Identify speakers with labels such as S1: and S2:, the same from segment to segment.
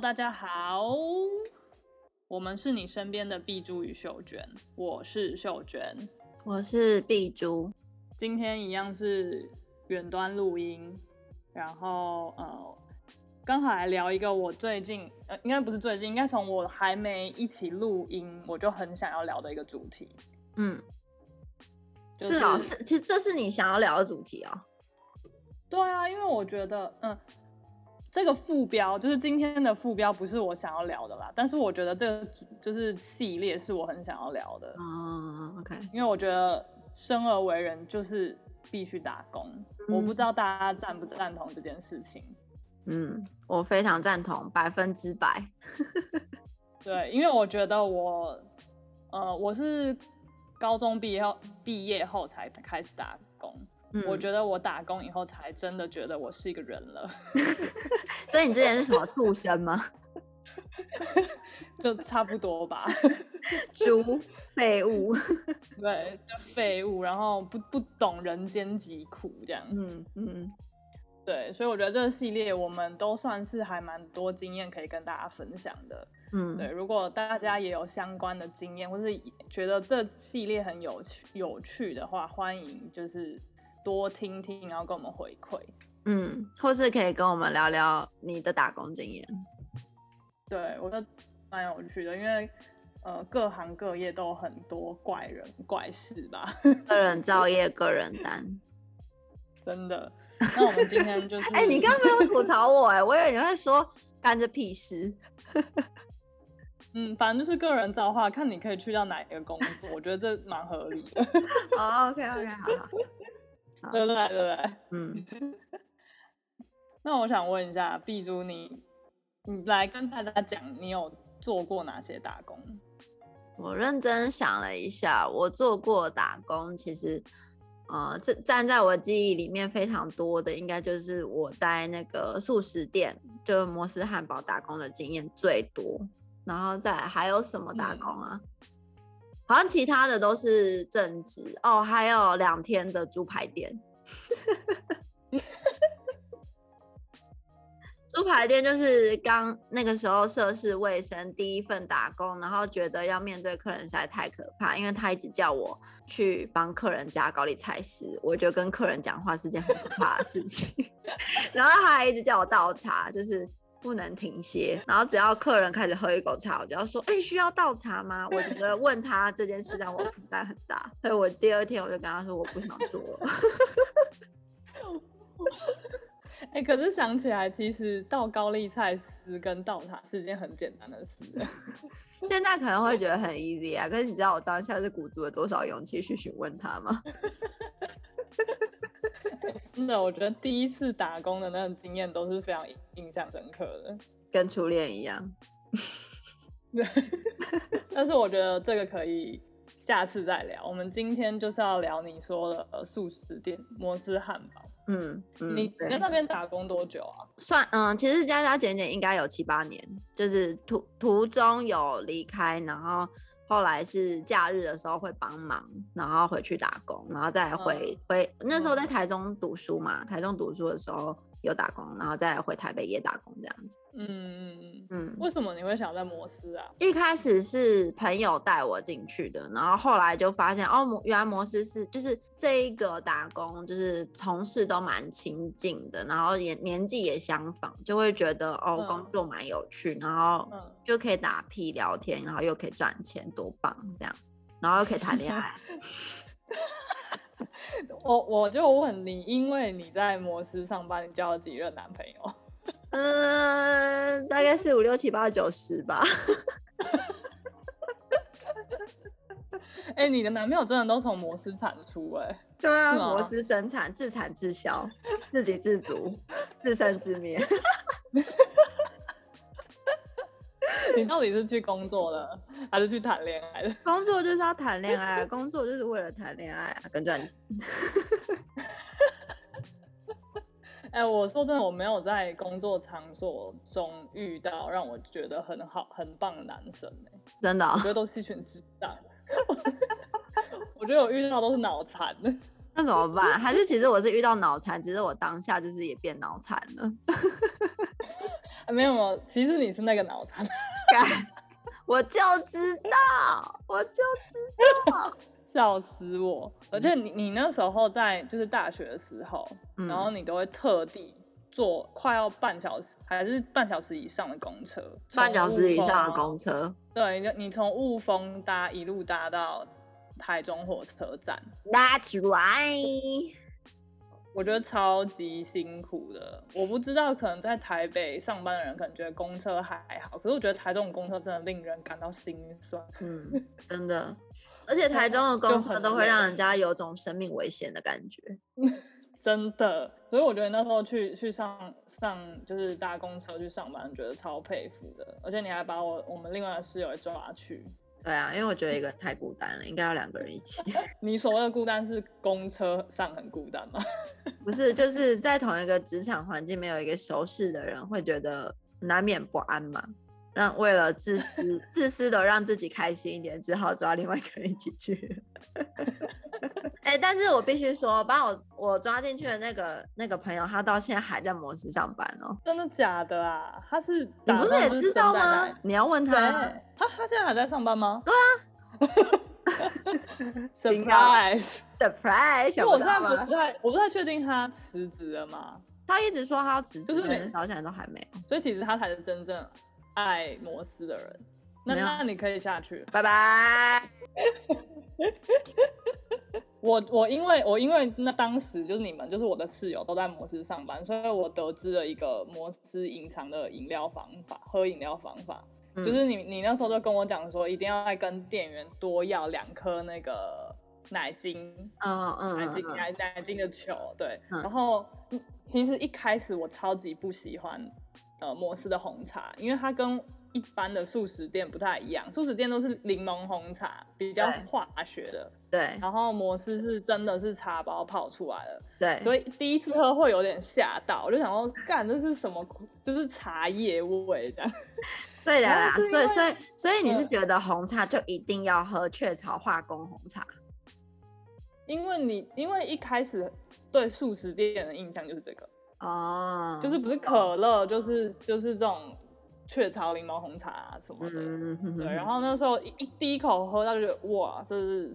S1: 大家好，我們是你身邊的碧珠與秀娟，我是秀娟，
S2: 我是碧珠。
S1: 今天一樣是遠端錄音，然後呃、剛好來聊一個我最近、呃、應該不是最近，應該從我還沒一起錄音，我就很想要聊的一個主題。嗯，就是啊，是老師，其實這是你想要聊的主題啊、哦。對啊，因為我覺得，嗯。這個副標就是今天的副標，不是我想要聊的啦。但是我覺得這個就是系列，是我很想要聊的。嗯，OK，因為我覺得生而為人就是必須打工。嗯，我不知道大家贊不贊同這件事情。
S2: 嗯，我非常贊同，
S1: 百分之百。 對，因為我覺得我，呃，我是高中畢業後畢業後才開始打工。我覺得我打工以後才真的覺得我是一個人了，
S2: 嗯、 所以你之前是什麼畜生嗎？
S1: 就差不多吧，豬廢物， 對，廢物，然後不不懂人間疾苦這樣，嗯嗯，嗯對，所以我覺得這個系列我們都算是還蠻多經驗可以跟大家分享的，嗯，對，如果大家也有相關的經驗，或是覺得這系列很有趣有趣的話，歡迎就是。多聽聽，然後跟我們回饋，
S2: 嗯，或是可以跟我們聊聊你的打工經驗。
S1: 對，我覺得蠻有趣的，因為呃，各行各業都有很多怪人怪事吧。
S2: 個人造業，個人擔。
S1: 真的。那我們今天就是……哎、 欸，你剛剛沒
S2: 有吐槽我哎、欸，我以為你會說干着
S1: 屁事。嗯，反正就是個人造化，看你可以去到哪一個工作，我覺得這蠻合理的。哦，OK，OK，好。好對，來來嗯， 那我想問一下，B 豬你，你來跟大家講，你有做過哪些打工？
S2: 我認真想了一下，我做過打工，其實，啊、呃，站在我的記憶裡面非常多的，應該就是我在那個速食店，就摩斯漢堡打工的經驗最多。然後再還有什麼打工啊？嗯好像其他的都是正職哦，還有兩天的豬排店，豬 排店就是剛那個時候涉世未深第一份打工，然後覺得要面對客人實在太可怕，因為他一直叫我去幫客人夾高麗菜絲，我覺得跟客人講話是件很可怕的事情， 然後他還一直叫我倒茶，就是。不能停歇，然後只要客人開始喝一口茶，我就要說：“哎、欸，需要倒茶嗎？”我覺得問他這件事，讓我
S1: 負擔很大，所以我第二天我就跟他說：“我不想做了。 ”哎、欸，可是想起來，其實倒高麗菜絲跟倒茶是件很簡單的事，
S2: 現在可能會覺得很 easy 啊。可是你知道我當下是鼓足了多少勇氣去詢問他嗎？
S1: 真的，我覺得第一次打工的那種經驗都是非常印象深刻的，跟初戀一樣。 但是我覺得這個可以下次再聊。我們今天就是要聊你說的呃，速食店、摩斯漢堡
S2: 嗯。嗯，你在對那
S1: 邊打工多久啊？
S2: 算，嗯，其實加加減減應該有七八年，就是途途中有離開，然後。後來是假日的時候會幫忙，然後回去打工，然後再回、嗯、回，那時候在台中讀書嘛，嗯、台中讀書的時候。有打工，然後再回台北也打工這樣子。嗯嗯
S1: 嗯。嗯，為什麼你會想在摩斯啊？
S2: 一開始是朋友帶我進去的，然後後來就發現哦，原來摩斯是就是這一個打工，就是同事都蠻親近的，然後也年紀也相仿，就會覺得哦、嗯、工作蠻有趣，然後就可以打屁聊天，然後又可以賺錢，多棒這樣，然後又可以談戀愛。
S1: 我我就問你，因為你在摩斯上班，你交了幾任男朋友？嗯，大概是五六七八九十吧。哎、 欸，你的男朋友真的都從摩斯產出哎、欸？對啊，摩斯嗎生產自產自銷，自給自足， 自生自滅。 你到底是去工作的，還是去談戀愛的？工作就是
S2: 要談戀愛、啊，工作就是為了談戀愛、啊、
S1: 跟賺錢。哎、 欸，我說真的，我沒有在工作場所中遇到讓我覺得很好、很棒的男生、欸、真的、哦？我覺得都是一群智障。 我覺得我遇到都是腦殘。
S2: 那怎麼辦？還是其實我是遇到腦殘，其實我當下就是也變腦殘了。沒有、 啊、沒有，其
S1: 實你是那個腦殘。 我就知道，我就知道，笑死我！而且你你那時候在就是大學的時候，嗯、然後你都會特地坐快要半小時還是半小時以上的公車，喔、半小時以上的公車，對，你就你從霧峰搭一路搭到，台中火車站，That's right，我覺得超級辛苦的。我不知道，可能在台北上班的人可能覺得公車還好，可是我覺得台中公車真的令人感到心酸，嗯，真的。而且台中的公車都會讓人家有種生命危險的感覺， 真的。所以我覺得那時候去去上上就是搭公車去上班，覺得超佩服的。而且你還把我我們另外的室友也抓去。對啊，因為我覺得一個人太孤
S2: 單了，應該要兩個人一起。
S1: 你所謂的孤單是公車上很孤單嗎？
S2: 不是，就是在同一個職場環境，沒有一個熟識的人，會覺得難免不安嘛。那為了自私、自私的讓自己開心一點，只好抓另外一個人一起去。哎、 欸，但是我必須說，把我我抓進去的那個那個朋友，他到現在還在摩斯上班哦。真
S1: 的假的啊？他是，是你不是也知道嗎？你要問他，他他現在還在上班嗎？對啊。Surprise！Surprise！我不太不太，我不太確定他辭職了嗎？他一直說他要辭職，就是每天早起來都還沒。所以其實他才是真正。愛摩斯的人，那有那你可以下去，拜拜。 我我因為我因為那當時就是你們就是我的室友都在摩斯上班，所以我得知了一個摩斯隱藏的飲料方法，喝飲料方法、嗯、就是你你那時候都跟我講說，一定要再跟店員多要兩顆那個奶精啊、oh, uh, uh, uh. 奶精奶奶精的球，對。Huh. 然後其實一開始我超級不喜歡。呃，摩斯的紅茶，因為它跟一般的速食店不太一樣，速食店都是檸檬紅茶，比較化學的。對。然後摩斯是真的是茶包泡出來的。對。所以第一次喝會有點嚇到，我就想說，幹這是什麼？就是茶葉味這樣。對的啦。所，所以所
S2: 以所以你是覺得紅茶就一定要喝雀巢化
S1: 工紅茶？嗯，因為你因為一開始對速食店的印象就是這個。啊，oh, 就是不是可樂，oh. 就是就是這種雀巢檸檬紅茶啊什麼的，mm hmm. 對。然後那時候一第一口喝到就覺得哇，這是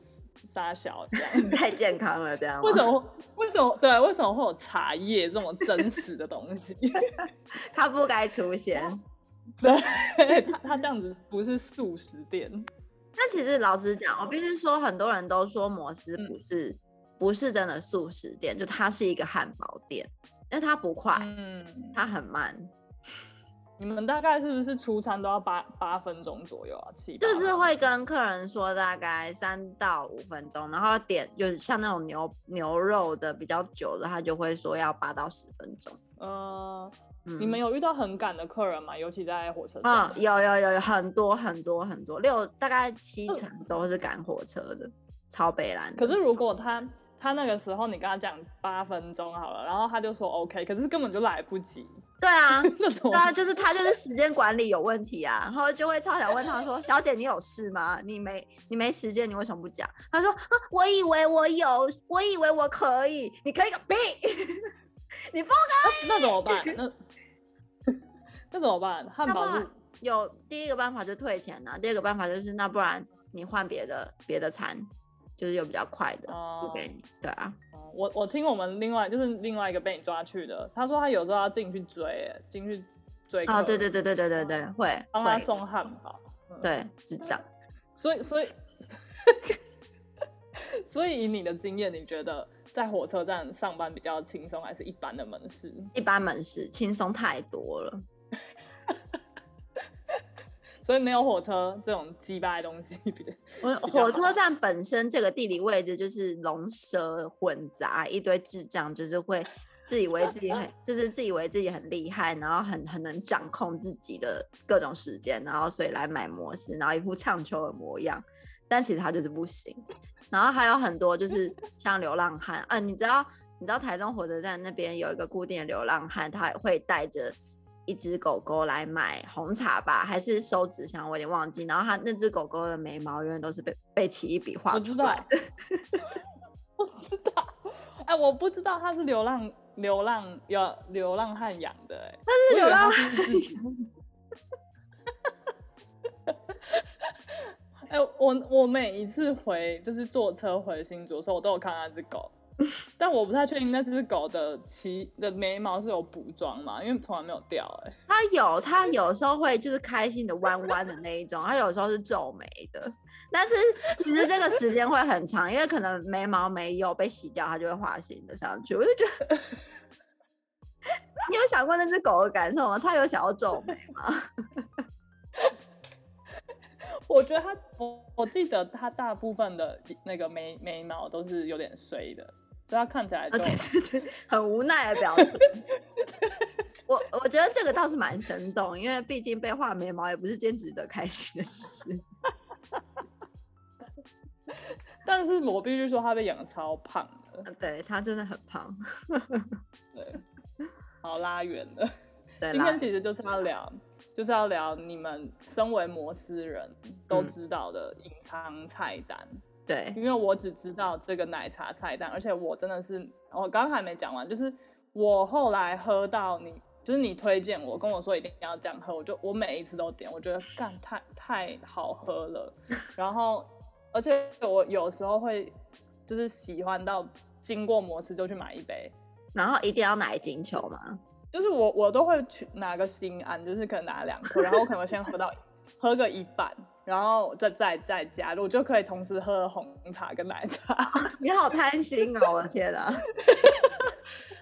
S1: 沙小， 太健康了，這樣。為什麼？ 為什麼？對，為什麼會有茶葉這麼真實的東西？
S2: 他 不該出現。 對，
S1: 他他這樣子不是速食店。
S2: 那其實老實講，我必須說，很多人都說摩斯不是、嗯、不是真的速食店，就它是一個漢
S1: 堡店。因為他不快，嗯，他很慢。你們大概是不是出餐都要八八分鐘左右啊？七，
S2: 就是會跟客人說大概三到五分鐘，然後點就是像那種牛牛肉的比較久的，他就會說要八到十分鐘。呃、
S1: 嗯，你們有遇到很趕的客人嗎？尤其在火車上、嗯，有
S2: 有有有很多很多很多六大概七成都是趕火車的，這超北蘭。可是
S1: 如果他。他那個時候你跟他講八分鐘好了，然後他就說 OK，可是根本就來不及。對啊， 那怎麼？那就是他就是時間管
S2: 理有問題啊，然後就會超想問他說：“ 小姐，你有事嗎？你沒你沒時間，你為什麼不講？”他說：“我以為我有，我以為我可以，你可以個屁，
S1: 你不可以、哦、那怎麼辦？那， 那怎麼辦？漢堡
S2: 有第一個辦法就退錢啊，第二個辦法就是那不然你換別的別的餐。”就是又比較快的，就給你，嗯、對啊。嗯、
S1: 我我聽我們另外就是另外一個被你抓去的，他說他有時候要進去追，進去追啊，對對、哦、對
S2: 對對對對，會
S1: 幫他送漢堡，會嗯、
S2: 對，是這樣。
S1: 所以所以 所以以你的經驗，你覺得在火車站上班比較輕鬆，還是一般的門市？
S2: 一般門市輕鬆太多了。
S1: 所以沒有火車這種雞巴東西。
S2: 火車站本身這個地理位置就是龍蛇混雜，一堆智障，就是會自以為自己很， 就是自以為自己很厲害，然後很很能掌控自己的各種時間，然後所以來買摩斯，然後一副唱秋的模樣，但其實他就是不行。然後還有很多就是像流浪漢，嗯、 啊，你知道你知道台中火車站那邊有一個固定的流浪漢，他會帶着。一隻狗狗來買紅茶吧，還是收紙箱？我有點忘記。然後它那隻狗狗的眉毛永遠都是被被起一筆畫
S1: 出來。我知道， 我知道。哎、欸，我不知道它是流浪流浪，有流浪漢養的哎、欸。他是流浪漢。哈的我是是、 欸、我，我每一次回，就是坐車回新竹的時候，我都有看到那隻狗。但我不太確定那隻狗的其的眉毛是有補妝嗎？因為從來沒有掉哎、欸。
S2: 它有，它有時候會就是開心的彎彎的那一種，它有時候是皺眉的。但是其實這個時間會很長，因為可能眉毛沒有被洗掉，它就會畫新的上去。我就覺得，你有想過那隻狗的感受嗎？它有想要皺眉嗎？
S1: 我覺得它，我我記得它大部分的那個眉眉毛都是有點衰的。他看起來就，oh, 對對，對，很
S2: 無奈的表情。 我我覺得這個倒是蠻生動，因為畢竟被畫眉毛也不是件值得開心的事。
S1: 但是，我必須說，他被養得超胖了。
S2: Oh, 對他真的很胖。
S1: 好拉遠了。 啦今天其實就是要聊，啦就是要聊你們身為摩斯人都知道的隱藏菜單。嗯對，因為我只知道這個奶茶菜單，而且我真的是，我剛剛還沒講完，就是我後來喝到你，就是你推薦我跟我說一定要這樣喝，我就我每一次都點，我覺得幹太太好喝了，然後而且我有時候會就是喜歡到經過摩斯就去買一杯，然後一定要拿金球嗎？就是我我都會去拿個心安，就是可能拿兩顆，然後我可能先喝到 喝個一半。然後再再再加入，就可以同時喝紅茶跟奶茶。
S2: 你好貪心啊！我的天啊！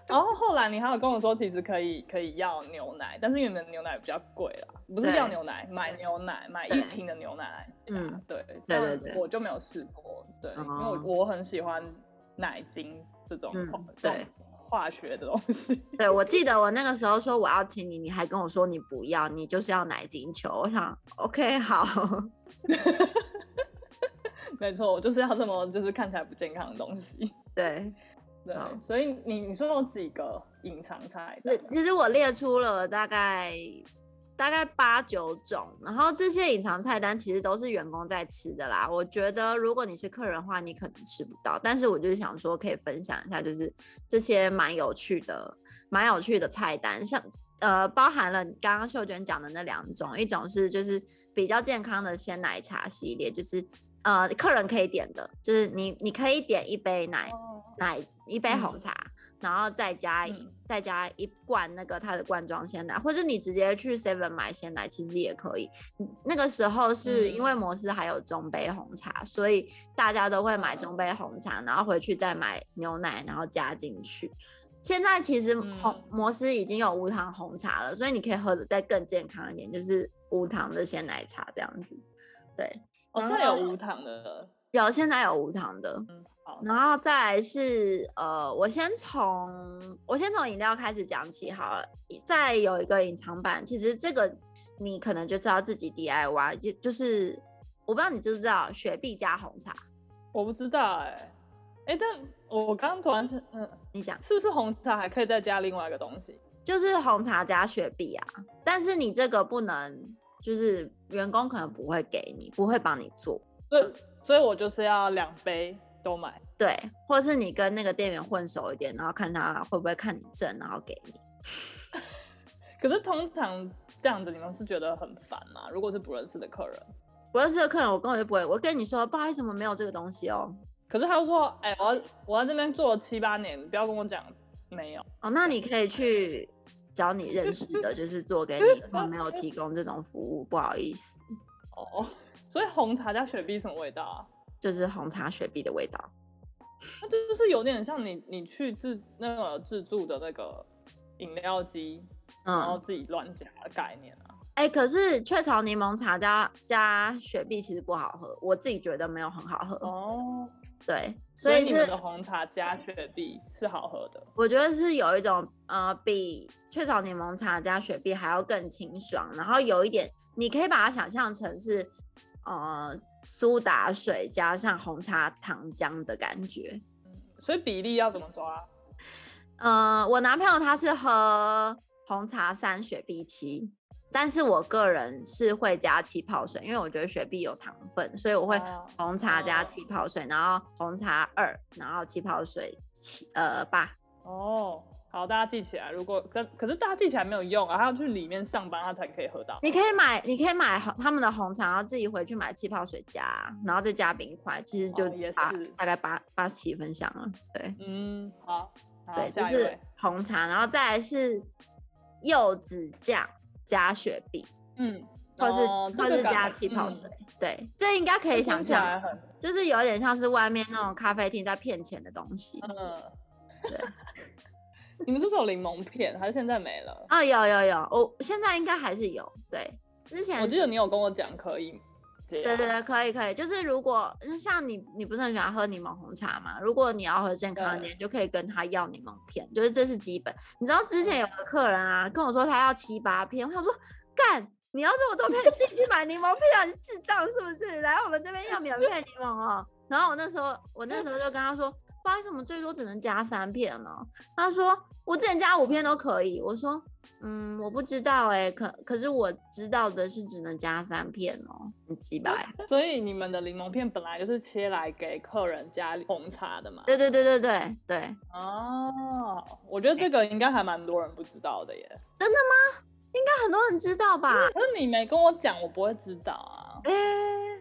S1: 然後後來你還有跟我說，其實可以可以要牛奶，但是因為你們牛奶比較貴啦。不是要牛奶，對買牛奶，買一瓶的牛奶來。嗯，對，對對對，我就沒有試過，對，uh huh. 因為我我很喜歡奶精這種、嗯。對。化學的東
S2: 西對，對，我記得我那個時候說我要請你，你還跟我說你不要，你就是要奶
S1: 精球。我想，OK，好， 沒錯，我就是要這麼就是看起來不健康的東西。對，對，好所以你你說有幾個隱藏菜？
S2: 其實我列出了大概。大概八九種，然後這些隱藏菜單其實都是員工在吃的啦。我覺得如果你是客人的話，你可能吃不到。但是我就是想說，可以分享一下，就是這些蠻有趣的、蠻有趣的菜單，像呃，包含了剛剛秀娟講的那兩種，一種是就是比較健康的鮮奶茶系列，就是呃，客人可以點的，就是你你可以點一杯奶奶一杯紅茶。嗯然後再加、嗯、再加一罐那個它的罐裝鮮奶，或者你直接去 Seven 買鮮奶其實也可以。那個時候是因為摩斯還有中杯紅茶，嗯、所以大家都會買中杯紅茶，嗯、然後回去再買牛奶，然後加進去。現在其實摩摩斯已經有無糖紅茶了，所以你可以喝得再更健康一點，就是無糖的鮮奶茶這樣子。對，我現在有無糖的，有，現在有無糖的。然後再來是呃，我先從我先從飲料開始講起好了。再有一個隱藏版，其實這個你可能就知道自己 DIY，就就是我不知道你知不知道，雪碧加紅茶。
S1: 我不知道哎、欸，哎，但我剛剛突然，嗯，你講是不是紅茶還可以再加另外一個東西？就是紅茶加雪碧啊，但是你這個不能，
S2: 就是員工可能不會給你，不會幫你做。
S1: 對，所以我就是要兩杯。都買
S2: 對，或者是你跟那個店員混熟一點，然後看他會不會看
S1: 你正，然後給你。 可是通常這樣子，你們是覺得很煩嗎？如果是不認識的客人，
S2: 不認識的客人，我根本就不會。我跟你說，不好意思，我沒有這個東
S1: 西哦。可是他又說，哎、欸，我我在這邊做了七八年，不要跟我講沒有
S2: 哦。那你可以去找你認識
S1: 的， 就是做給你，我沒有提供這種服務， 不好意思。哦哦，所以紅茶加雪碧什麼味道啊？就是紅茶雪碧的味道，它就是有點像你你去自那個自助的那個飲料機，然後自己亂加的概念啊。
S2: 哎、嗯欸，可是雀巢檸檬茶加加雪碧其實不好喝，我自己覺得沒有很好喝哦。對，所以，所以你們的
S1: 紅茶加雪碧
S2: 是好喝的，我覺得是有一種呃，比雀巢檸檬茶加雪碧還要更清爽，然後有一點你可以把它想象成是。呃，蘇打水加上紅茶糖漿的感覺。嗯，所以比例要怎麼抓？呃、嗯，我男朋友他是喝紅茶三雪碧七，但是我個人是會加氣泡水，因為我覺得雪碧有糖分，所以我會紅茶加氣泡
S1: 水，啊、然後紅茶二，然後氣泡水七呃八。哦。好，大家記起來。如果可是可是大家記起來沒有用啊，他要去裡面上班，他才可以喝到。
S2: 你可以買，你可以買他們的紅茶，然後自己回去買氣泡水加，然後再加冰塊，其實就大、哦、大概八八十七分像了。對，嗯，好，好對，就是紅茶，然後再來是柚子醬加雪碧，嗯，哦、或是這或是加氣泡水，嗯、對，這應該可以想象、嗯、就是有點像是外面那種咖啡廳在騙錢的東西，嗯，對。 你
S1: 們是不是有檸檬片，還是現在沒了
S2: 啊、哦？有有有，
S1: 我現在應該還是
S2: 有。對，
S1: 之前我記得你有跟我講可以，對對對，
S2: 可以可以。就是如果像你，你不是很喜歡喝檸檬紅茶嘛？如果你要喝健康一點，對對對就可以跟他要檸檬片。就是這是基本。你知道之前有個客人啊跟我說他要七八片，我想說幹，你要這麼多片自己去買檸檬片、啊，你是智障是不是？來我們這邊要免費檸檬哦、喔。然後我那時候我那時候就跟他說。不知道為什麼最多只能加三片呢？他說我之前加五片都可以。我說嗯，我不知道哎、欸，可可是我知道的是只能加三片哦。很
S1: 奇葩。所以你們的檸檬片本來就是切來給客人加紅茶的嘛？對對對對對對。對哦，我覺得這個應該還蠻多人不知道的耶。真的嗎？應該很多人知道吧？可是你沒跟我講，我不會知道啊。欸、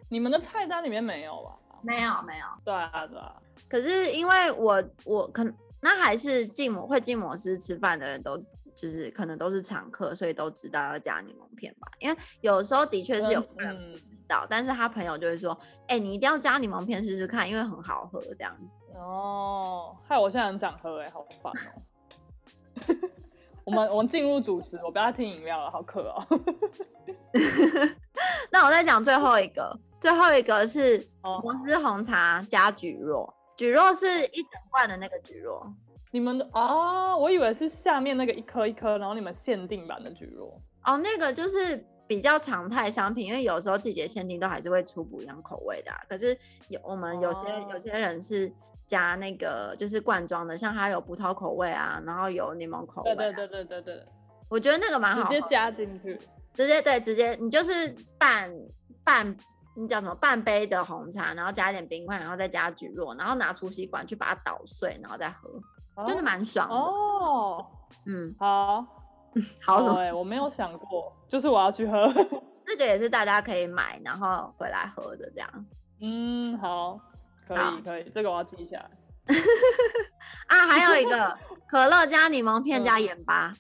S1: 你們的菜單裡面沒有吧？沒有沒有。對啊對啊。對啊
S2: 可是因為我我可那還是進摩會進摩斯吃飯的人都就是可能都是常客，所以都知道要加檸檬片吧？因為有時候的確是有嗯，不知道，是但是他朋友就會說：“哎、欸，你一定要加檸檬片試試看，因
S1: 為很好喝。”這樣子哦。嗨，我現在很想喝哎、欸，好煩哦、喔！ 我們我們進入主食，我不要聽飲料了，好渴哦、喔。
S2: 那我再講最後一個，最後一個是摩斯紅茶
S1: 加蒟蒻。蒟蒻是一整罐的那個蒟蒻，你們的哦？我以為是下面那個一顆一顆，然後你們限定版的蒟蒻哦？那個就是比較
S2: 常態商品，因為有時候季節限定都還是會出不一樣口味的、啊。可是有我們有些、哦、有些人是加那個就是罐裝的，像它有葡萄口味啊，然後有檸檬口味、啊。對
S1: 對
S2: 對對對對，我覺得那個蠻好，直接加進去，直接對直接，你就是拌拌。拌你叫什麼半杯的紅茶，然後加一點冰塊，然後再加蒟蒻，然後拿出吸管去把它搗碎，然後再喝，哦、就是蠻爽的。
S1: 哦，嗯，好，好什麼。對、哦欸，我沒有
S2: 想過，
S1: 就是我要去喝。
S2: 這個也是大家可以買，然後回來喝的這樣。嗯，好，
S1: 可以，好可以，可以，這個我要記下
S2: 來 啊，還有一個 可樂加檸檬片加鹽巴，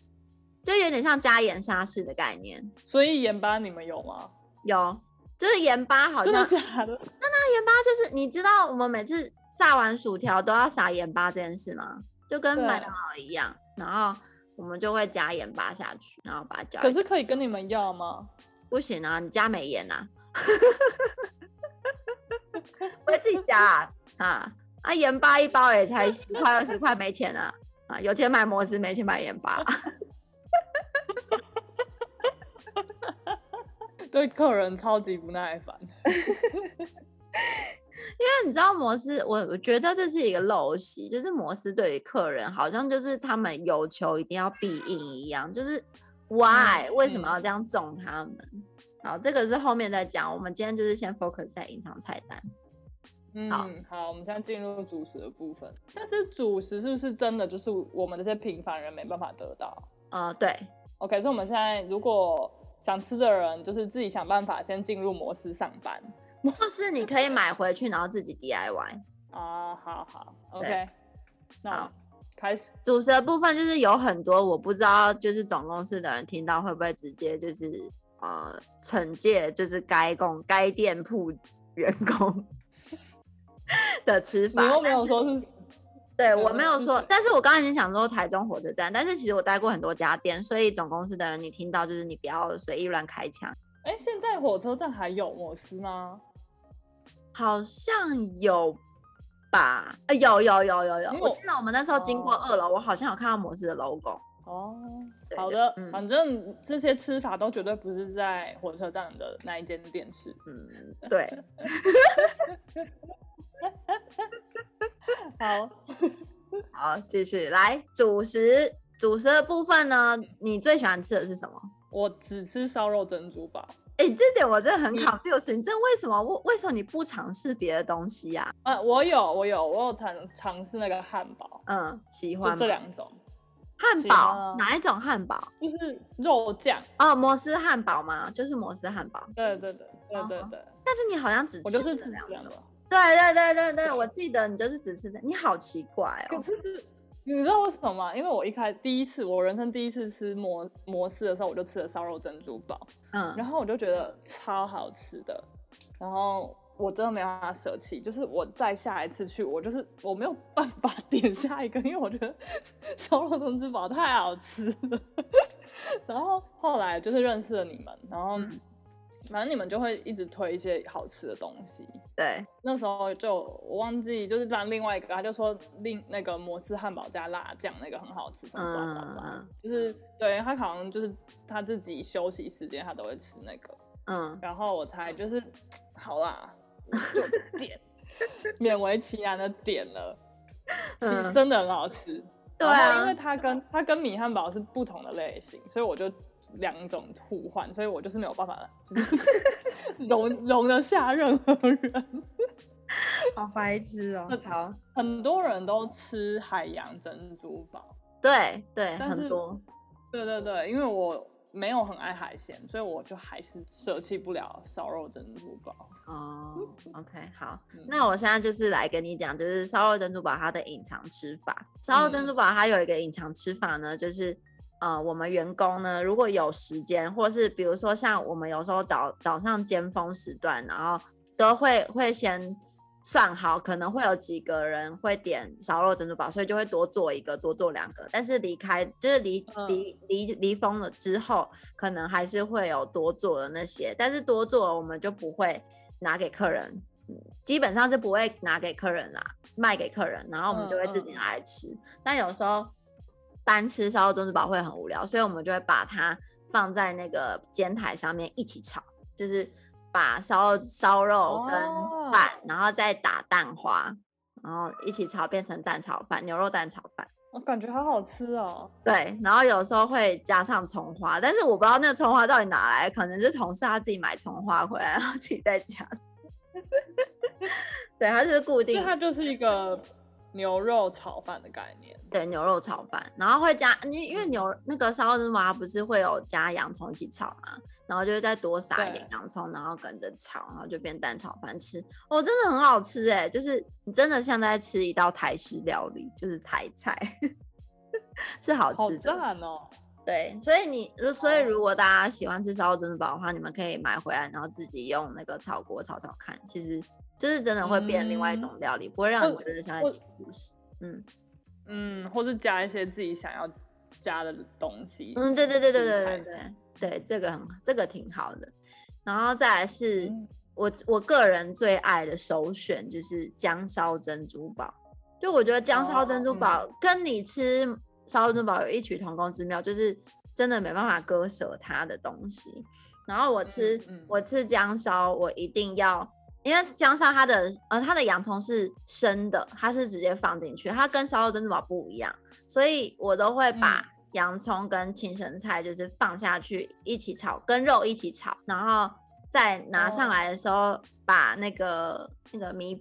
S2: 就有點像加鹽沙士的概念。所以鹽巴你們有嗎？有。就是鹽巴好像真的假的？那那鹽巴就是你知道我們每次炸完薯條都要撒鹽巴這件事嗎？就跟麥當勞一樣，對然後我們就會加鹽巴下去，然後把它加。可是
S1: 可以跟你們要嗎？
S2: 不行啊，你加沒鹽啊？ 我自己加啊啊！鹽巴一包也才十塊二十塊，沒錢啊啊！有錢買摩斯，沒
S1: 錢買鹽巴。 對客人超級不耐煩，
S2: 因為你知道摩斯，我我覺得這是一個陋習，就是摩斯對於客人好像就是他們有求一定要必應一樣，就是 why、嗯、為什麼要這樣縱他們？嗯、好，這個是後面再講。我們今天就是先 focus 在隱藏菜單。
S1: 嗯，好，好，我們現在進入主食的部分。但是主食是不是真的就是我們這些平凡人沒辦法得到？啊、嗯，對，OK，所以我們現在如果。想吃的人就是自己想辦法先進入摩斯上班，摩斯你可以買回去然後自己 DIY 啊、哦，好好對 OK，那好
S2: 開始主食部分就是有很多我不知道，就是總公司的人聽到會不會直接就是呃、懲戒，就是該公該店鋪員工的吃法，你又沒有說是。對，我沒有說，但是我剛才想說台中火車站，但是其實我待過很多家店，所以總公司的人，你聽到就是你不要隨意亂開槍。哎、
S1: 欸，現在火車站還有摩斯嗎？好像有
S2: 吧？哎、欸，有有有有有，有有因為我記得我，我們那時候經過二樓，哦、我好像有看到摩斯的
S1: logo。哦，對好的，嗯、反正這些吃法都絕對不是在火車站的那一間店吃。嗯，對。
S2: 好 好，繼好 續來主食，主食的部分呢？你最喜歡吃的是什麼？我只吃燒肉
S1: 珍珠堡。
S2: 哎、欸，這點我真的很考究、嗯。confused，你這為什麼？為什麼你不嘗試別的東西呀、啊？
S1: 呃，我有，我有，我有嘗嘗試那個漢堡。嗯，喜歡？這兩種漢堡，哦、哪一種漢堡？就是肉醬哦，摩斯漢堡嗎？就是摩斯漢堡。對對對對對對、哦。
S2: 但是你好像只吃我就是這兩種。對對對對對，我記得你
S1: 就是只吃這，你好奇怪哦。可是，是，你知道為什麼嗎？因為我一開第一次，我人生第一次吃摩摩斯的時候，我就吃了燒肉珍珠堡，嗯，然後我就覺得超好吃的，然後我真的沒辦法捨棄，就是我再下一次去，我就是我沒有辦法點下一個，因為我覺得燒肉珍珠堡太好吃了。然後後來就是認識了你們，然後。嗯反正你們就會一直推一些好吃的東西。對，那時候就我忘記，就是讓另外一個，他就說另那個摩斯漢堡加辣醬那個很好吃，什麼什麼什麼，嗯、就是對他可能就是他自己休息時間他都會吃那個。嗯，然後我猜就是好啦，就點，勉 為其難的點了。其實真的很好吃。
S2: 對、嗯，因為
S1: 它跟它、啊、跟米漢堡是不同的類型，所以我就。兩種互換，所以我就是沒有辦法，就是 容容得下任何人，好白痴哦！好，很多人都吃海洋珍珠堡，對對，是很多，對對對，因為我沒有很愛海鮮，所以我就還是捨棄不了燒肉珍珠堡哦。Oh, OK，好，嗯、那
S2: 我現在就是來跟你講，就是燒肉珍珠堡它的隱藏吃法。燒肉珍珠堡它有一個隱藏吃法呢，嗯、就是。呃，我們員工呢，如果有時間，或是比如說像我們有時候早早上尖峰時段，然後都會會先算好，可能會有幾個人會點燒肉珍珠堡，所以就會多做一個、多做兩個。但是離開就是離離離離峰了之後，可能還是會有多做的那些，但是多做了我們就不會拿給客人，嗯，基本上是不會拿給客人啦，賣給客人，然後我們就會自己拿來吃。嗯嗯，但有時候。單吃燒肉珍珠堡會很無聊，所以我們就會把它放在那個煎檯上面一起炒，就是把燒燒肉跟飯，oh. 然後再打蛋花，然後一起炒變成蛋炒飯，牛肉蛋炒飯。
S1: 我、oh, 感覺好好吃
S2: 哦。對，然後有時候會加上蔥花，但是我不知道那個蔥花到底哪來，可能是同事他自己買蔥花回來，然後自己再加。 對，它就是固定，它
S1: 就是一個。牛肉炒
S2: 飯的概念。對，牛肉炒飯，然後會加你，因為牛那個燒肉珍珠堡它不是會有加洋蔥一起炒嘛，然後就會再多撒一點洋蔥，對然後跟着炒，然後就變蛋炒飯吃，哦，真的很好吃哎，就是你真的像在吃一道台式料理，就是台菜， 是好吃的，好讚哦。對，所以你，所以如果大家喜歡吃燒肉珍珠堡的話，你們可以買回來，然後自己用那個炒鍋炒炒看，其實。就是真的會變另外一種料理，嗯、不會讓你覺得像在吃豬
S1: 食。是嗯嗯，或是加一些自己想要加的東西。嗯，對對對對對對對，
S2: 材對這個很這個挺好的。然後再來是、嗯、我我個人最愛的首選，就是薑燒珍珠堡。就我覺得薑燒珍珠堡跟你吃燒珍珠堡有異曲同工之妙，就是真的沒辦法割舍它的東西。然後我吃、嗯嗯、我吃薑燒，我一定要。因為江上他的呃、他的洋蔥是生的，他是直接放進去，他跟燒肉珍珠堡不一樣，所以我都會把洋蔥跟青江菜就是放下去一起炒，跟肉一起炒，然後再拿上來的時候，哦、把那個那個米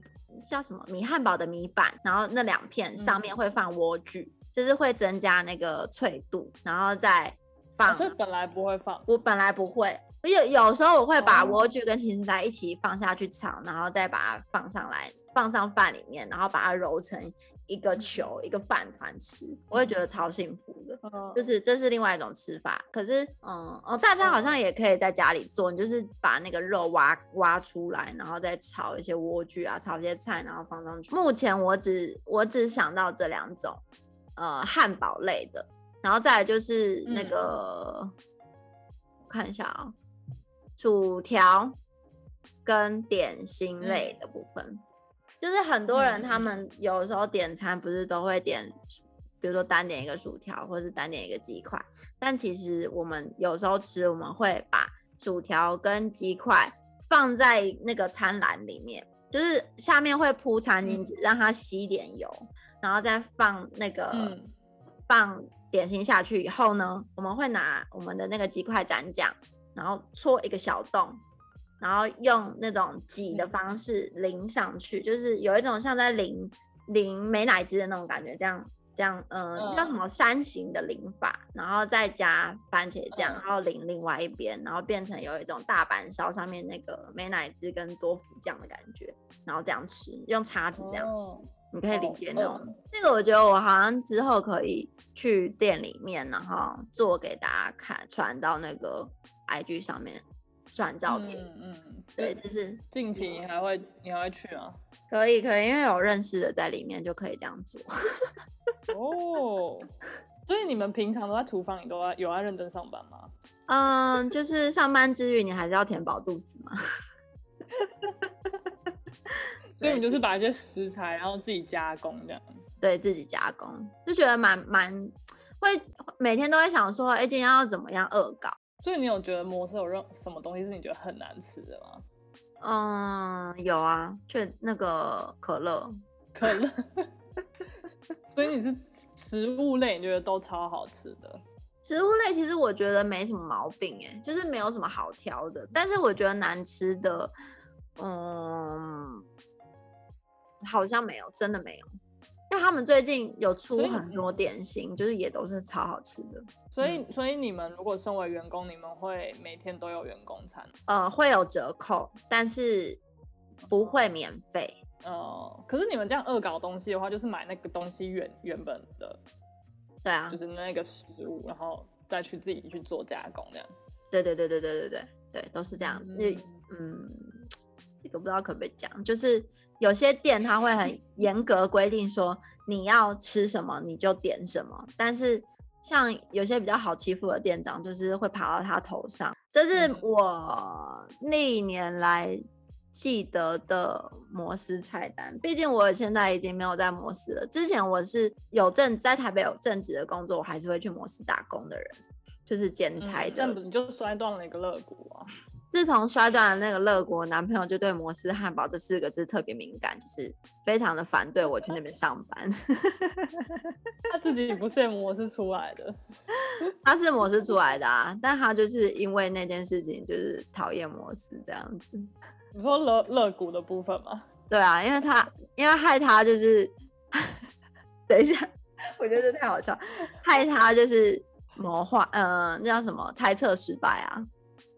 S2: 叫什麼米、漢堡的米板，然後那兩片上面會放萵苣，嗯，就是會增加那個脆度，然後再放。哦、所以本來不會放。我本來不會。有有時候我會把萵苣跟芹菜一起放下去炒，哦、然後再把它放上來，放上飯裡面，然後把它揉成一個球，嗯、一個飯糰吃。我也覺得超幸福的，哦、就是這是另外一種吃法。可是，嗯哦，大家好像也可以在家裡做，你就是把那個肉挖挖出來，然後再炒一些萵苣啊，炒一些菜，然後放上去。目前我只我只想到這兩種，呃，漢堡類的，然後再來就是那個，嗯、看一下啊。薯條跟點心類的部分，就是很多人他們有時候點餐不是都會點，比如說單點一個薯條或是單點一個雞塊，但其實我們有時候吃，我們會把薯條跟雞塊放在那個餐籃裡面，就是下面會鋪餐巾紙，讓它吸一點油，然後再放那個放點心下去以後呢，我們會拿我們的那個雞塊蘸醬，然後戳一個小洞，然後用那種擠的方式淋上去，就是有一種像在淋淋美乃滋的那種感覺，這樣這樣，嗯、呃，叫什麼山形的淋法，然後再加番茄醬，然後淋另外一邊，然後變成有一種大阪燒上面那個美乃滋跟多福醬的感覺，然後這樣吃，用叉子這樣吃。你可以理解那種，oh, uh. 這個我覺得我好像之後可以去店裡面，然後做給大家看，傳到那個 IG 上面，傳照
S1: 片。嗯嗯，嗯對，就對是近期你還會有你還會去嗎？
S2: 可以可以，因為有認識的在裡面，就可以這樣做。哦
S1: ，oh, 所以你們平常都在廚房，裡都要有要認真上班嗎？
S2: 嗯，um, 就是上班之餘，你還是要填飽肚子嘛。
S1: 所以你就是把一些食材，然後自己加工這樣，對，對
S2: 自己加工，就覺得蠻蠻會，每天都會想說，哎，今天要怎麼樣惡搞？所以你有覺得摩斯有任什麼東西是你覺得很
S1: 難吃的嗎？
S2: 嗯，有啊，就那個可樂，可樂。
S1: 所以你是食物類，你覺得都超好吃的？
S2: 食物類其實我覺得沒什麼毛病哎、欸，就是沒有什麼好挑的，但是我覺得難吃的，嗯。好像沒有，真的沒有。那他們最近有出很多點心，以就是也都是超好吃的。
S1: 所以，嗯、所以你們如果身為員工，你們會每天都有員工餐？
S2: 呃，會有折扣，但是不會免費。
S1: 哦、呃，可是你們這樣惡搞東西的話，就是買那個東西原原本的，對啊，就是那個食物，然後再去自己去做加工，這樣。
S2: 對對對對對對對，對都是這樣。那嗯。我不知道可不可以講，就是有些店他會很嚴格規定說你要吃什麼你就點什麼，但是像有些比較好欺負的店長，就是會爬到他頭上。這是我那一年來記得的摩斯菜單，畢竟我現在已經沒有在摩斯了。之前我是有正在台北有正職的工作，我還是會去摩斯打工的人，就是剪裁這樣子，
S1: 嗯、你就摔斷了一個肋骨哦？
S2: 自從摔斷了那個樂谷，男朋友就對“摩斯漢堡”這四個字特別敏感，就是非常的反對我去那邊上班。
S1: 他自己也不是摩斯出來的，
S2: 他是摩斯出來的啊，但他就是因為那件事情，就是討厭摩斯這樣
S1: 子。你說樂樂谷的部分嗎？
S2: 對啊，因為他因為害他就是，
S1: 等一下，我覺得這太好笑，
S2: 害他就是魔化，嗯、呃，那叫什麼？猜測失敗啊。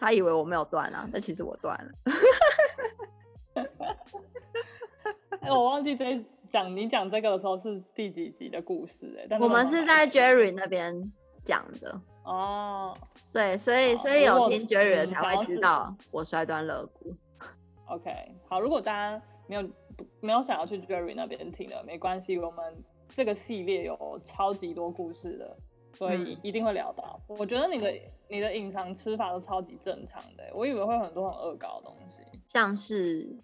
S2: 他以為我沒有斷啊，但其實我斷了。
S1: 哎、 欸，我忘記在講你講這個的時候是第幾集的故事哎、欸。我們是在
S2: Jerry 那邊講的
S1: 哦。
S2: 對，所以好所以有聽 Jerry 的才會知道我摔斷肋骨。
S1: OK，好，如果大家沒有沒有想要去 Jerry 那邊聽的，沒關係，我們這個系列有超級多故事的。所以一定會聊到。嗯、我覺得你的你的隱藏吃法都超級正常的，欸，我以為會有很多很惡搞的東西，
S2: 像是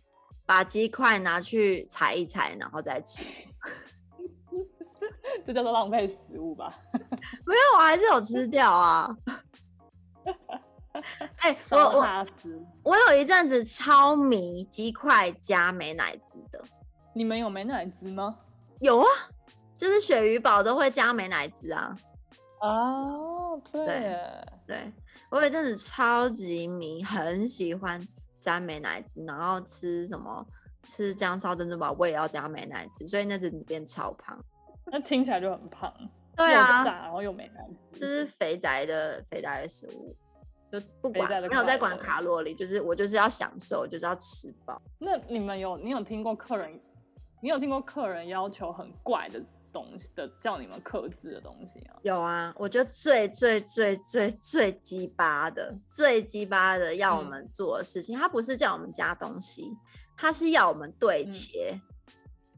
S2: 把雞塊拿去踩一踩然後再吃， 這叫做浪費食物吧？沒有，我還是有吃掉啊。哎、 欸，我我我，我有一陣子超迷雞塊加美乃滋的。
S1: 你們有美乃滋嗎？
S2: 有啊，就是鱈魚堡都會加美乃滋啊。哦，oh, 對，對，對，我有一陣子超級迷，很喜歡加美乃滋，然後吃什麼，吃薑燒珍珠堡，我也要加美乃滋，所以那陣子變超胖。那聽起來就很胖。對啊，然後又美奶就是肥宅的肥宅的食物，就不管卡路里，沒有在管卡路里，就是我就是要享受，就是要吃飽。
S1: 那你們有、你有聽過客人、你有聽過客人要求很怪的東西的叫你們客製的東西
S2: 啊？有啊，我覺得最最最最最雞巴的，最雞巴的要我們做的事情，他、嗯、不是叫我們加東西，他是要我們對切。嗯、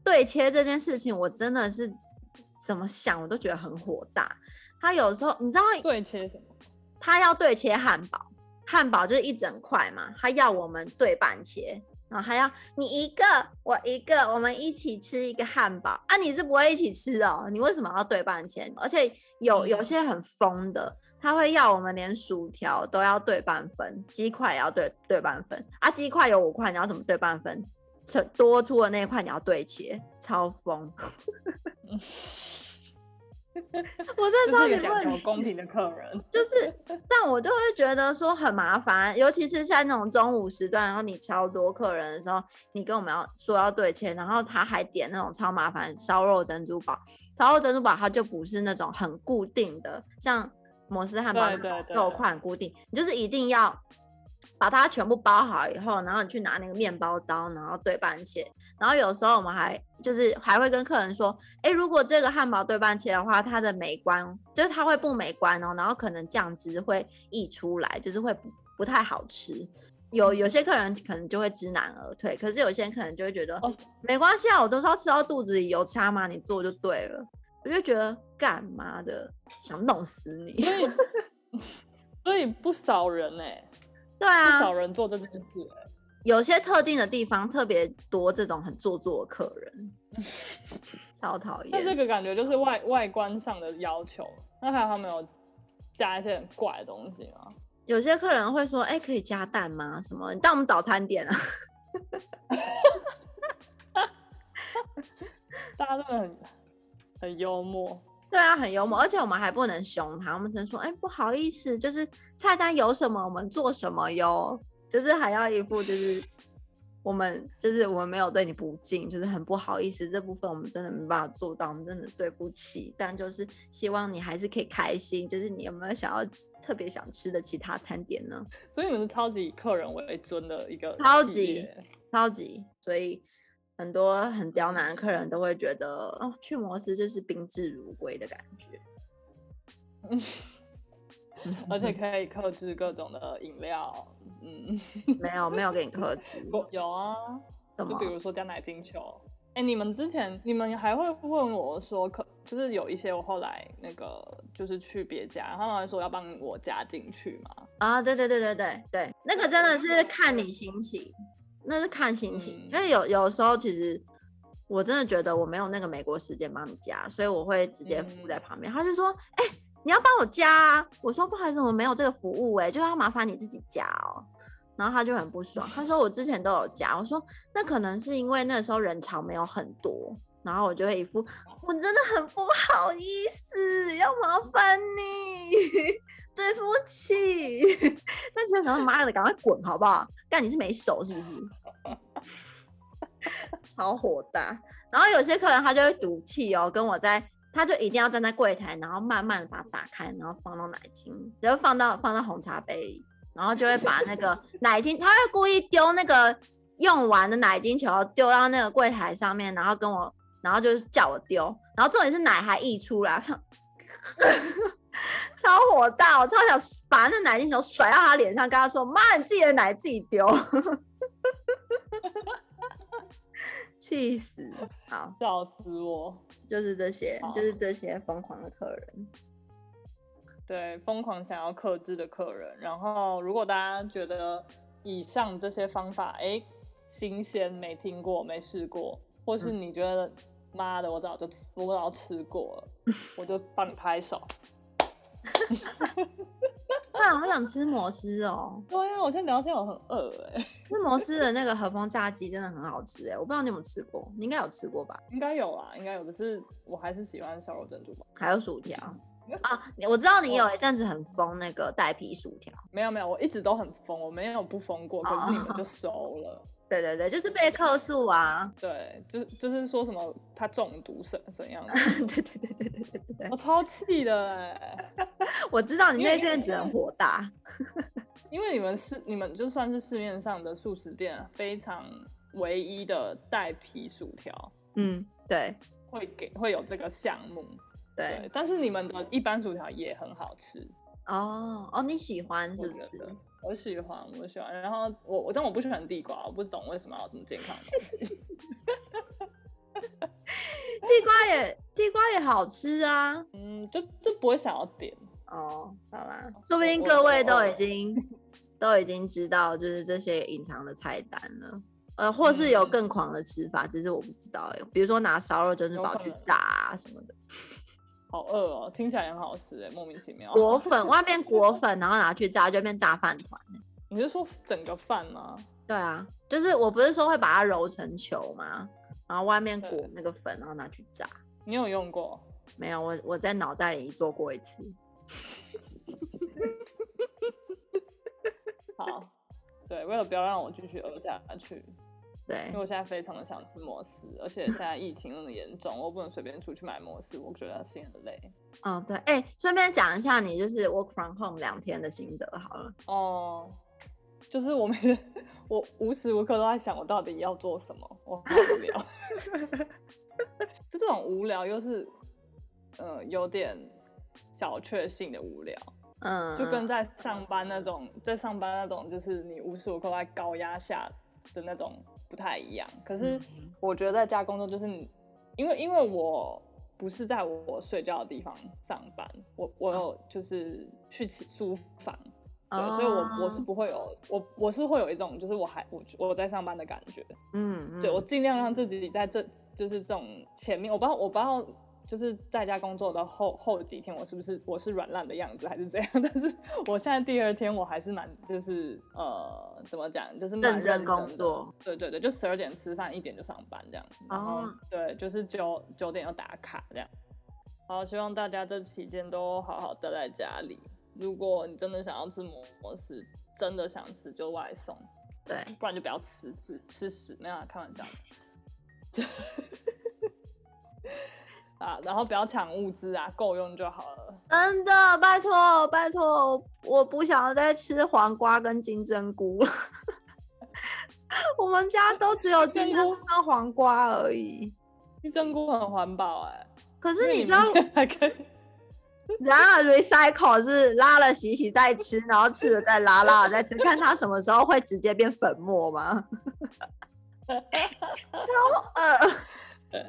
S2: 對切這件事情，我真的是怎麼想我都覺得很火大。他有時候你知道對切什麼？他要對切漢堡，漢堡就是一整塊嘛，他要我們對半切。然、哦、還要你一個我一個，我們一起吃一個漢堡啊！你是不會一起吃哦，你為什麼要對半切？而且有有些很瘋的，他會要我們連薯條都要對半分，雞塊也要對對半分啊！雞塊有五塊，你要怎麼對半分？多出的那一塊你要對切，超瘋。 我在找一個公平
S1: 的客人，
S2: 就是，但我就會覺得說很麻煩，尤其是像那種中午時段，然後你超多客人的時候，你跟我們要說要對切，然後他還點那種超麻煩燒肉珍珠堡，燒肉珍珠堡它就不是那種很固定的，像摩斯漢堡肉塊很固定，你就是一定要。把它全部包好以後，然後你去拿那個麵包刀，然後對半切。然後有時候我們還就是還會跟客人說，哎、欸，如果這個漢堡對半切的話，它的美觀就是它會不美觀哦，然後可能醬汁會溢出來，就是會不，不太好吃。有有些客人可能就會知難而退，可是有些人可能就會覺得哦，沒關係啊，我都是要吃到肚子裡，有差嗎？你做就對了。我就覺得幹嘛的，想弄死你。所以，所以不少人哎、欸。對啊，不少人做這件事，欸。有些特定的地方特別多這種很做作的客人， 超討厭。
S1: 但這個感覺就是外外觀上的要求。那還有他們有加一些很怪的東西嗎？
S2: 有些客人會說：“哎，欸，可以加蛋嗎？什麼？你當我們早餐店啊。 ” 大家都很很幽默。對啊，很幽默，而且我們還不能凶他，我們只能說，哎、欸，不好意思，就是菜單有什麼，我們做什麼喲，就是還要一副就是我們就是我們沒有對你不敬，就是很不好意思這部分，我們真的沒辦法做到，我們真的對不起，但就是希望你還是可以開心，就是你有沒有想要特別想吃的其他餐點呢？
S1: 所以你們是超級以客人為尊的一個，超級
S2: 超級，所以。很多很刁難的客人都會覺得，哦，去摩斯就是賓至如歸的感覺，
S1: 而且可以客製各種的飲料， 嗯，沒有沒有給你客製，有啊，什麼就比如說加奶精球，哎、欸，你們之前你們還會問我說，可就是有一些我後來那個就是去別家，他們還說要幫我加進去嘛。
S2: 啊，對對對對對
S1: 對，那個真的是看你心情。
S2: 那是看心情，嗯、因為有有時候其實我真的覺得我沒有那個美國時間幫你加，所以我會直接附在旁邊。他就說：“哎、欸，你要幫我加、啊？”我說：“不好意思，我沒有這個服務、欸，哎，就要麻煩你自己加哦、喔。”然後他就很不爽，他說：“我之前都有加。”我說：“那可能是因為那時候人潮沒有很多。”然後我就會一副我真的很不好意思，要麻煩你， 對不起。 那現在想到媽的，趕快滾好不好？幹你是沒手是不是？超火大，然後有些客人他就會賭氣哦，跟我在，他就一定要站在櫃檯，然後慢慢的把它打開，然後放到奶精，然後放到放到紅茶杯裡，然後就會把那個奶精， 他會故意丟那個用完的奶精球丟到那個櫃檯上面，然後跟我，然後就叫我丟，然後重點是奶還溢出來， 超火大哦，我超想把那奶精球甩到他臉上，跟他說，媽，你自己的奶自己丟。 氣死！好笑死我！就是這些，好就是這些瘋狂的客人，
S1: 對，瘋狂想要客製的客人。然後，如果大家覺得以上這些方法，誒、欸、新鮮，沒聽過，沒試過，或是你覺得媽、嗯、的，我早就我早就吃過了，我就幫你拍手。
S2: 啊，我想吃摩斯哦。對啊，我現在，聊天我很餓哎、欸。那摩斯的那個和風炸雞真的很好吃哎、欸，我不知道你有沒有吃過，你應該有吃過吧？
S1: 應該有啊，應該有。可是我還是喜歡燒肉珍珠堡，
S2: 還有薯條嗎
S1: 啊。我知道你有一陣
S2: 子很瘋那個帶皮薯條，
S1: 沒有沒有，我一直都很瘋，我沒有不瘋過，可是你們就收了。Oh. 對對對，就是被客訴啊！對，就是就是說什麼他中毒是什麼樣的？對 對對對對對對對，我、哦、超氣的、欸！ 我知
S2: 道你那陣只很火大因，
S1: 因為你們是 你，你們就算是市面上的速食店，非常唯一的帶皮薯條，嗯，對，會給會有這個項目，對，對，但是你們的一般薯條也很好吃哦哦，你喜歡是不是？我喜歡，我喜歡。然後我我這我不喜歡地瓜，我不懂為什麼要這麼健康。 地瓜也地瓜也好吃啊，嗯，就就不會想要點哦。好
S2: 啦，說不定各位都已經都已經知道，就是這些隱藏的菜單
S1: 了。
S2: 呃，或是有更狂的吃法，嗯、只是我不知道哎、欸。比如說拿燒肉珍珠堡去炸啊什麼的。
S1: 好餓哦，聽起來很好吃耶，莫名其妙。裹粉，
S2: 外面裹粉，然後拿去炸， 就變炸飯糰。你
S1: 是說整個飯嗎？
S2: 對啊，就是我不是說會把它揉成球嗎？然後外面裹那個粉，對然後拿去炸。你有用過？沒有，我我在腦袋裡做過一次。
S1: 好，對，為了不要讓我繼續餓下去。對，因為我現在非常的想吃摩斯，而且現在疫情那麼嚴重，嗯、我不能隨便出去買摩斯，我覺得心很累。
S2: 嗯，對，哎、欸，順便講一下你
S1: 就是 work from home 兩天的心得好了。哦、嗯，就是我們，我無時無刻都在想我到底要做什麼，我好無聊，就 這種無聊，又是，呃，有點小確幸的無聊，嗯，就跟在上班那種，在上班那種，就是你無時無刻都在高壓下的那種。不太一樣，可是我覺得在家工作就是，因為因為我不是在我睡覺的地方上班，我我有就是去書房，Oh. 對，所以我我是不會有我我是會有一種就是我還我我在上班的感覺，嗯、mm-hmm. 對，我盡量讓自己在這就是這種前面，我不知道我不知道。就是在家工作的後後幾天，我是不是我是軟爛的樣子還是怎樣？但是我現在第二天我還是蠻就是呃怎麼講，就是認真，認真工作，對對對，就十二點吃飯，一點就上班這樣子。然後、哦、對，就是九九點要打卡這樣。好，希望大家這期間都好好待在家裡。如果你真的想要吃摩斯，是真的想吃就外送，對，不然就不要吃吃吃屎，沒有啦，開玩笑。 啊，然後不要搶物資啊，夠用就好了。真的，拜
S2: 托，拜托，我不想要再吃黃瓜跟金針菇了。 我們家都只有金針菇跟黃瓜而已。金針
S1: 菇很環保哎、欸。保欸、可是你知道
S2: 嗎？然後 recycle 是拉了洗洗再吃，然後吃了再拉拉再吃， 看他什麼時候會直接變粉末嗎？ 超噁噁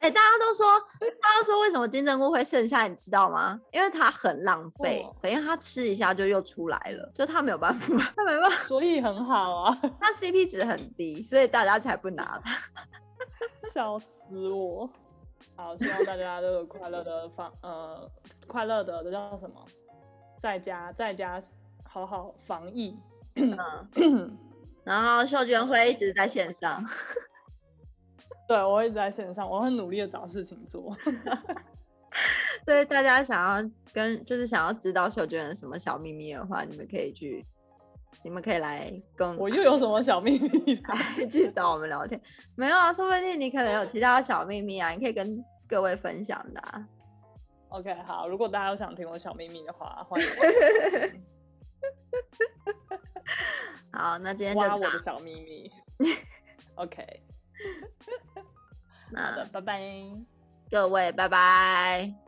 S2: 哎、欸，大家都說，大家都說，為什麼金針菇會剩下？你知道嗎？因為他很浪費，因為、哦、他吃一下就又出來了，就他沒有辦法，他沒辦法，所以很好啊。他 CP 值很低，所以大家才不拿他。
S1: 笑死我！好，希望大家都有快樂的防 呃，快樂的這叫什麼？在家，在家好好防疫。嗯、 然後秀娟會一直在線上。對，我一直在線上，我很努力的找事情做。
S2: 所以大家想要跟，就是想要知道秀娟什麼小祕密的話，你們可以去，你們可以來跟我。我
S1: 又有什麼小祕密
S2: 來去找我們聊天？ 沒有啊，說不定你可能有其他小祕密啊，你可以跟各位分享的啊。
S1: OK，好，如果大家有想聽我小祕密的話，歡迎我。 好，那今天就是我的小祕密。OK。 那拜拜，各位拜拜。